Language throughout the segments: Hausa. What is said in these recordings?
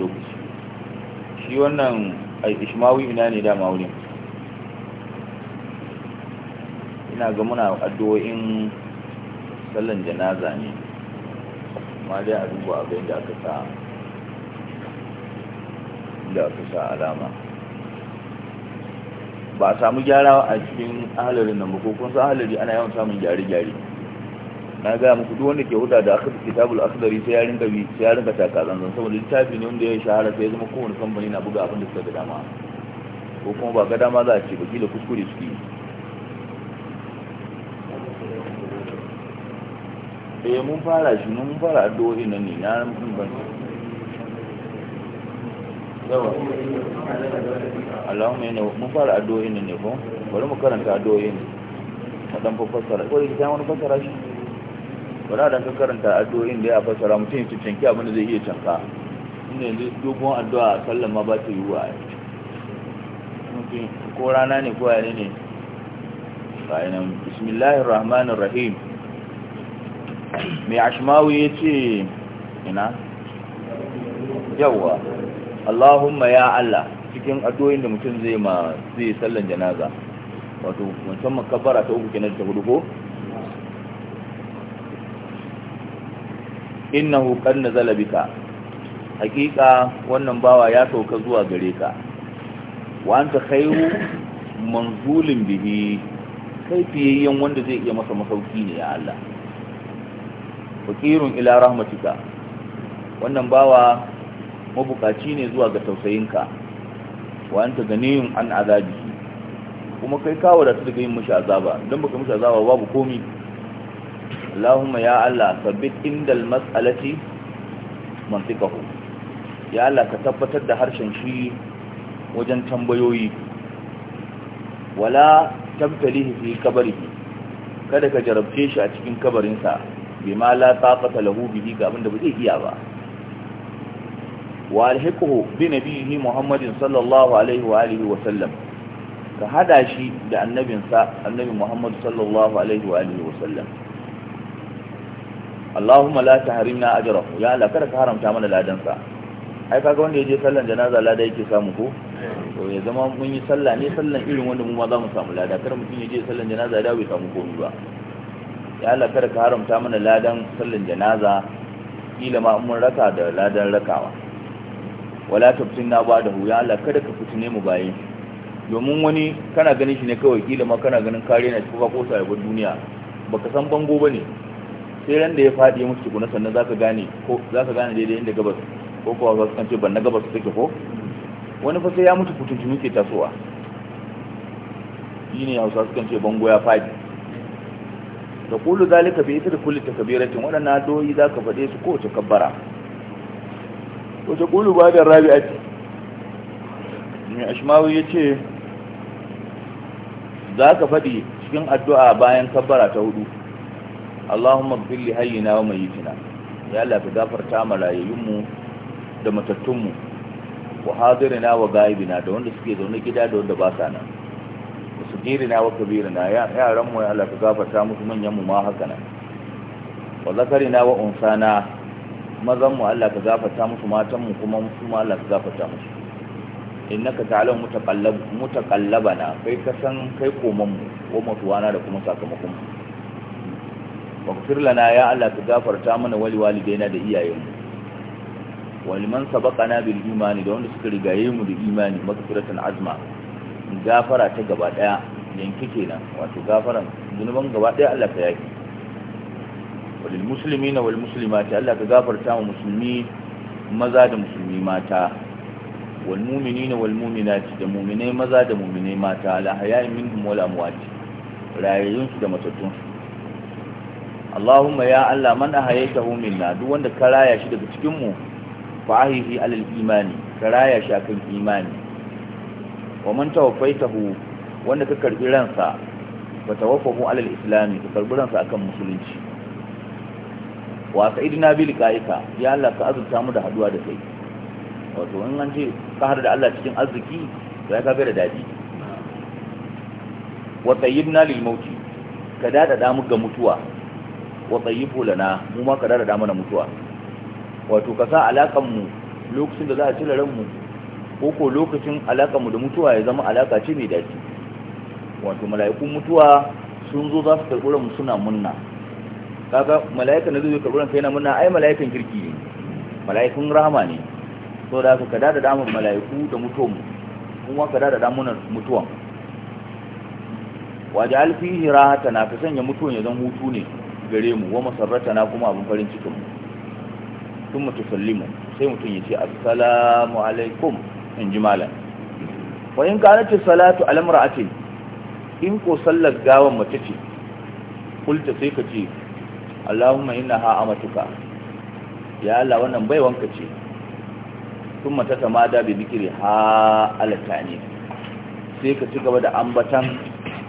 lokaci shi wannan ishmawi ina ne dama wurin ina ga muna addu'o'in sallan janaza ne ma dai a duba abin da aka sa da aka sa alama ba a samu gyara a cikin ahalarin nan ba ko kun san ahalari ana yawan samun gyare-gyare na ga muku duk wanda ke huta da akhd kitabul akhdari sai ya rinka bi sai ya rinka taka zanzan saboda littafi ne wanda ya shahara sai ya zama kowane kamfani na buga abin da suka ga dama ko kuma ba ga dama za a ce baki da kuskure suke eh mun fara shi mun fara addu'o'i nan ne na mun ban yawa Allahumma inna mun fara addu'o'i nan ne ko bari mu karanta addu'o'i ne mu dan fassara ko da wani fassara shi wani dan ka karanta addu'o'in da ya fassara mutum ya canki abin da zai iya canka inda yanzu dogon addu'a a sallan ma ba ta yiwuwa ko rana ne ko yare ne bayanan bismillahir rahmanir rahim mai ashmawi ya ce ina yawwa allahumma ya allah cikin addu'o'in da mutum zai ma zai sallan janaza wato ka makabbara ta uku kenan ta hudu ko innahu qad nazala bika hakika wannan bawa ya sauka zuwa gare ka wa anta khairu manzulin bihi kai fiyayyen wanda zai iya masa masauki ne ya Allah fakirun ila rahmatika wannan bawa mabukaci ne zuwa ga tausayinka wa anta ganiyun an azabi kuma kai kawo da su daga yin mashi azaba don baka mashi azaba babu komi Allahumma ya Allah sabbit indal mas'alati mantiqahu ya Allah ka tabbatar da harshen shi wajen tambayoyi wala tabtalihi fi qabrihi kada ka jarabce shi a cikin kabarinsa bima la taqata lahu bihi ga abinda ba zai iya ba wa alhiquhu bi nabiyhi muhammadin sallallahu alaihi wa alihi wa sallam ka hada shi da annabinsa annabi muhammad sallallahu alaihi wa alihi wa sallam Allahumma la tahrimna ajrahu ya Allah kada ka haramta mana ladansa. ai kaga wanda yaje sallan janaza lada yake samu ko to ya zama mun yi sallah ne sallan irin wanda mu ma za mu samu lada kada mutum yaje sallan janaza da bai samu komai ba ya Allah kada ka haramta mana ladan sallan janaza kila ma mun raka da ladan rakawa wala tubtinna ba da ya Allah kada ka fitine mu baye domin wani kana ganin shi ne kawai kila ma kana ganin kare na cikin ba sai ya duniya baka san bango bane sai ran da ya faɗi musu tukuna sannan zaka gane ko zaka gane daidai inda gabas ko kuwa za su kance ban na gabas take ko wani fa sai ya mutu kutuntunu ke tasowa ne Hausa su kance bango ya faɗi da kullu zalika bi ita da kullu takbiratin wadannan doyi zaka faɗe su ko kabbara. ko ta kullu ba da rabi'ati mai ashmawi yace zaka faɗi cikin addu'a bayan kabbara ta hudu Allahumma ighfir li hayyina wa mayyitina ya Allah ka gafarta ma rayuwunmu da matattunmu wa hadirina wa gaibina da wanda suke zaune gida da wanda ba sa nan wa sujirina wa kabirina yaran mu ya Allah ka gafarta musu manyan mu ma haka nan wa zakarina wa unsana mazan mu Allah ka gafarta musu matan mu kuma musu ma Allah ka gafarta musu innaka ta'lam mutaqallab mutaqallabana kai ka san kai koman mu ko mutuwana da kuma sakamakon mu faghfir lana ya Allah ka gafarta mana wali walidaina da iyayenmu wal man sabaqana bil imani da wanda suka rigaye mu da imani maghfiratan azma gafara ta gaba daya yanki kenan wato gafaran zunuban gaba daya Allah ka yaki walil muslimina wal muslimati Allah ka gafarta mu musulmi maza da musulmi mata wal mu'minina wal mu'minati da mu'minai maza da mu'minai mata la haya'i minhum wala amwat rayayyun su da matattun Allahumma ya Allah man ahayaytahu minna duk wanda ka raya shi daga cikin mu fa ahihi alal imani ka raya shi akan imani wa man tawaffaitahu wanda ka karbi ransa fa tawaffahu alal islami ka karbi ransa akan musulunci wa sa'idna bi liqa'ika ya Allah ka azurta mu da haduwa da kai wato in an ce ka har da Allah cikin arziki to ya kaga da dadi wa sayyidna lil mauti ka dada da mu ga mutuwa wa tsayifu lana mu ma ka da mana mutuwa wato ka sa mu lokacin da za a cire ranmu ko ko lokacin mu da mutuwa ya zama alaƙa ce mai daɗi wato mala'ikun mutuwa sun zo za su karɓi ranmu suna munna kaga mala'ikan da zai karɓi ranka yana munna ai mala'ikan kirki ne mala'ikun rahama ne so da ka da da damar mala'iku da mutuwan kuma ka da da damar mutuwan waje alfihira rahata na ka sanya mutuwan ya zan hutu ne gare mu wa na kuma abin farin cikin mu sun mutu sallimu sai mutum ya ce assalamu alaikum in ji malam wa in ka kanat salatu ala ce in ko sallar gawan mace ce kulta sai ka ce Allahumma innaha amatuka ya Allah wannan bai wanka ce sun mata tamada bi bikiri ha alatani sai ka ci gaba da ambatan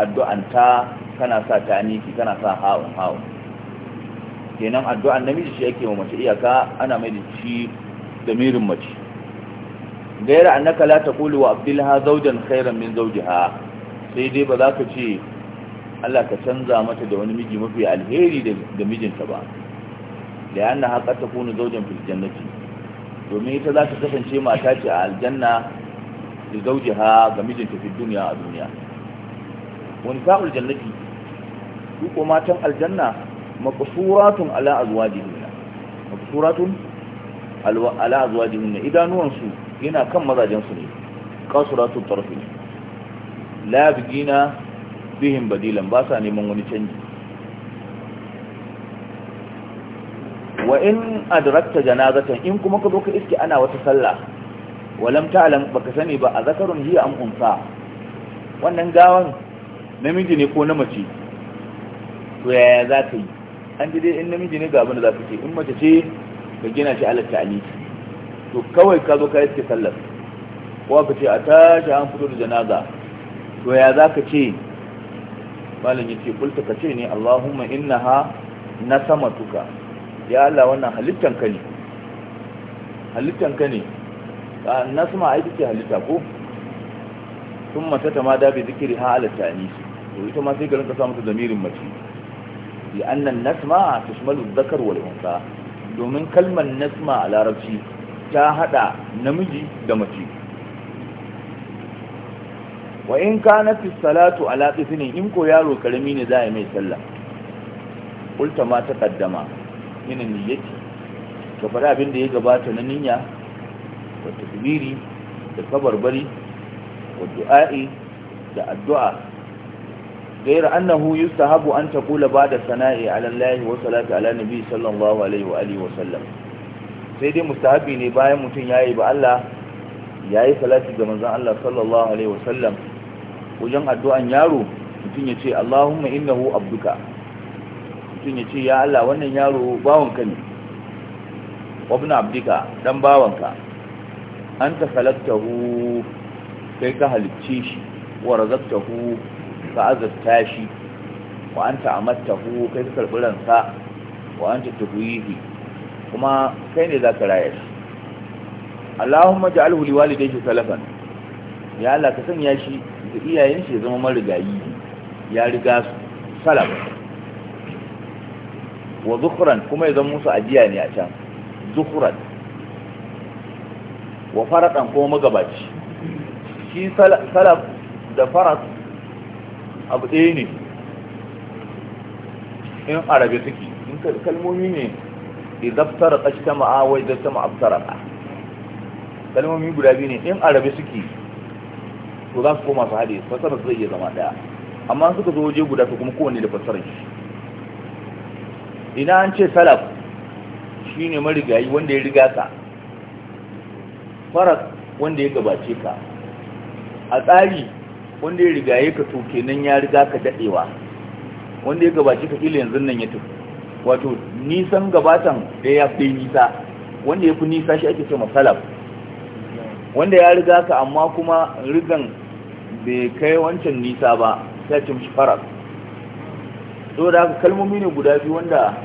addu'anta kana sa taniki kana sa ha'un ha'un kenan addu'an namiji shi yake wa mace iyaka ana mai da shi damirin mace gaira annaka la taqulu wa abdilha zawjan khairan min zaujiha, sai dai ba za ka ce Allah ka canza mata da wani miji mafi alheri da mijinta ba da yana haka ta kunu zaujen fil jannati domin ita za ta kasance mata ce a aljanna da zaujiha ga mijinta fi duniya a duniya wani sa'ul jannati su ko matan aljanna maqsuratun ala azwajihinna maqsuratun ala azwajihinna idanuwan yana kan mazajensu ne qasuratul tarfi la bigina badilan ba sa neman wani canji wa in adrakta janazatan in kuma ka zo ka iske ana wata sallah walam ta'lam baka sani ba a zakarun hiya am unsa wannan gawan namiji ne ko na mace to yaya za ta yi an ji dai in namiji ne ga abin da za ka ce in mace ce ka gina shi ala ta'ani to kawai ka zo ka yi suke sallar ko ka ce a tashi an fito da janaza to ya za ka ce malam ya ce kulta ka ce ne allahumma innaha na sama tuka ya Allah wannan halittan ka ne halittan ka ne na sama ai take halitta ko sun mata ta ma da zikiri ha ala ta'ani to ita ma sai ka rinka sa zamirin mace bi annan nasma tushmalu dhakar wal unsa domin kalmar nasma a larabci ta hada namiji da mace wa in kanat fi salatu ala qisnin in ko yaro karami ne za a mai sallah qulta ma taqaddama ina niyyati ka fara abin da ya gabata na niyya da takbiri da kabarbari wa du'a'i da addu'a غير أنه يستحب أن تقول بعد الثناء على الله والصلاة على النبي صلى الله عليه وآله وسلم سيدي مستحبي نباية متن ياي بألا ياي صلاة جمزان الله صلى الله عليه وسلم وجن الدعاء يارو متن يتي اللهم إنه عبدك متن يتي يا الله وانا يارو باونك وابن عبدك دم باونك أنت خلقته كيك هلتشيش ورزقته ka azurta shi wa an hu kai ka karɓi ransa wa an tuhuyihi kuma kai ne za ka raya shi Allahumma ja'alhu walidayhi salafan ya Allah ka sanya shi da iyayen shi zama marigayi ya riga su salaf wa zukhran kuma ya zama musu ajiya ne a can zukhran wa faratan kuma magabaci shi salaf da farat abu ɗaya ne in arabe suke in kalmomi ne izabtara ƙashta ma'awa izabta ma'abtara ba kalmomi guda biyu ne in arabe suke to za su koma su haɗe su zai iya zama ɗaya amma suka zo waje guda ta kuma kowane da fasarar shi ina an ce salaf shi ne marigayi wanda ya riga ka faras wanda ya gabace ka a tsari wanda ya rigaye ka to kenan ya riga ka dadewa wanda ya gabaci ka ila yanzu nan ya tafi wato nisan gabatan da ya fi nisa wanda ya fi nisa shi ake cewa salaf wanda ya riga ka amma kuma rigan bai kai wancan nisa ba sai ce mishi faras so da haka kalmomi ne guda biyu wanda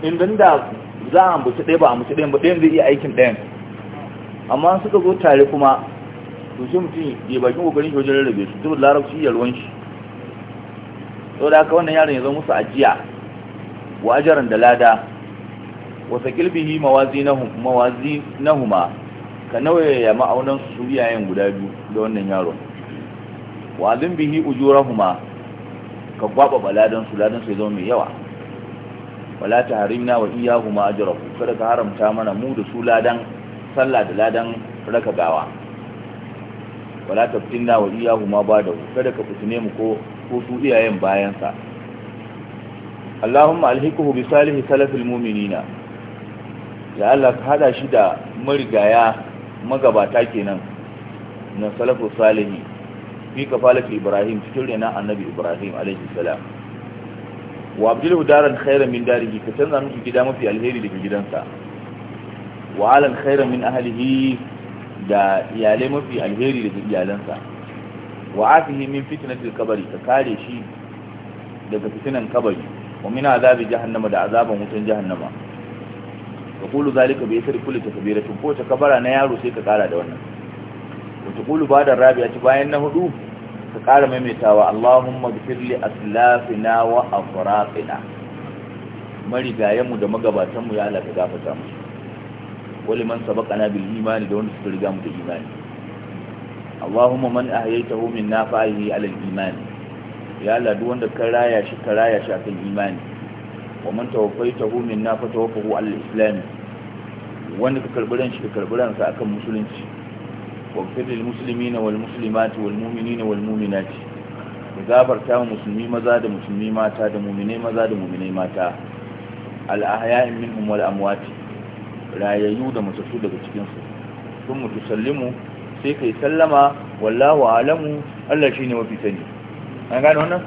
indan da za a ambaci ɗaya ba a ambaci ɗayan ba ɗayan zai iya aikin ɗayan amma suka zo tare kuma to shi mutum ya bakin kokarin shi wajen rarrabe su duk larabci ya ruwan shi da haka wannan yaron ya zama musu ajiya wa ajaran da lada wa sakil bihi mawazinahum mawazinahuma ka nauyaya ma'aunan su yayin guda biyu da wannan yaron wa zin bihi ujurahuma ka gwaba baladan su ladan su ya zama mai yawa wala ta harimna wa iyahuma ajrahu kada ka haramta mana mu da su ladan sallah da ladan raka gawa wala taftinna wa iyahu ma bada kada ka fitine mu ko ko su iyayen bayan sa Allahumma alhiquhu bi salihi salafil mu'minina ya Allah ka hada shi da marigaya magabata kenan na salafu salihi fi kafalati Ibrahim cikin rena annabi Ibrahim alaihi salam wa abdul daran khairan min darihi ka canza miki gida mafi alheri daga gidansa wa alan khairan min ahlihi da iyalai mafi alheri daga iyalansa wa afihi min fitnatil kabari ka kare shi daga fitinan kabari wa min azabi jahannama da azaban wutan jahannama ka kulu zalika bi ta kulli takbiratin ko ta kabara na yaro sai ka kara da wannan wa taqulu ba'da rabi'a bayan na hudu ka kara maimaitawa Allahumma ighfir li aslafina wa afraqina marigayenmu da magabatanmu ya Allah ka gafarta musu wali man sabaqana bil imani da wanda suka riga mu da imani Allahumma man ahyaytahu minna fa ahyi ala al imani ya Allah duk wanda ka raya shi ka raya shi akan imani wa man tawaffaytahu minna fa tawaffahu ala al islam wanda ka karbi ran shi ka karbi ran sa akan musulunci wa fir lil muslimina wal muslimati wal mu'minina wal mu'minati gafarta musulmi maza da musulmi mata da mu'minai maza da mu'minai mata al ahya'in minhum wal amwati rayayyu da matattu daga cikinsu sun mutu sallimu sai kai sallama wallahu alamu Allah ne mafi sani an gane wannan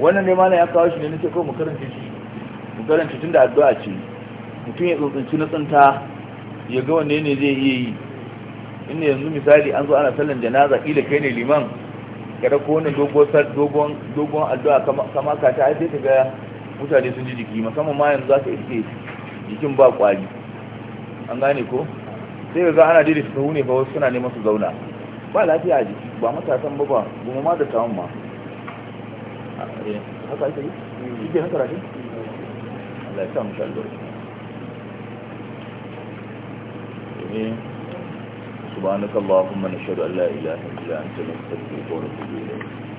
wannan ne malam ya kawo shi ne nake ko mu karanta shi mu karanta da addu'a ce mutum ya tsuntsunci na tsinta ya ga wanne ne zai iya yi inda yanzu misali an zo ana sallan janaza kila kai ne liman kada ko wannan dogon dogon addu'a kama ka ta sai ka ga mutane sun ji jiki musamman ma yanzu za ka iske jikin ba kwari an gane ko sai ga ana daidaita su ne ba wasu suna neman su zauna ba lafiya ji ba matasan ba ba goma ma da tawon ma ah, eh, haka ake yi ike na karatu Allah ya sa mu shalbar domin subhanakallahumma nashhadu an la ilaha illa anta nastaghfiruka wa natubu ilayk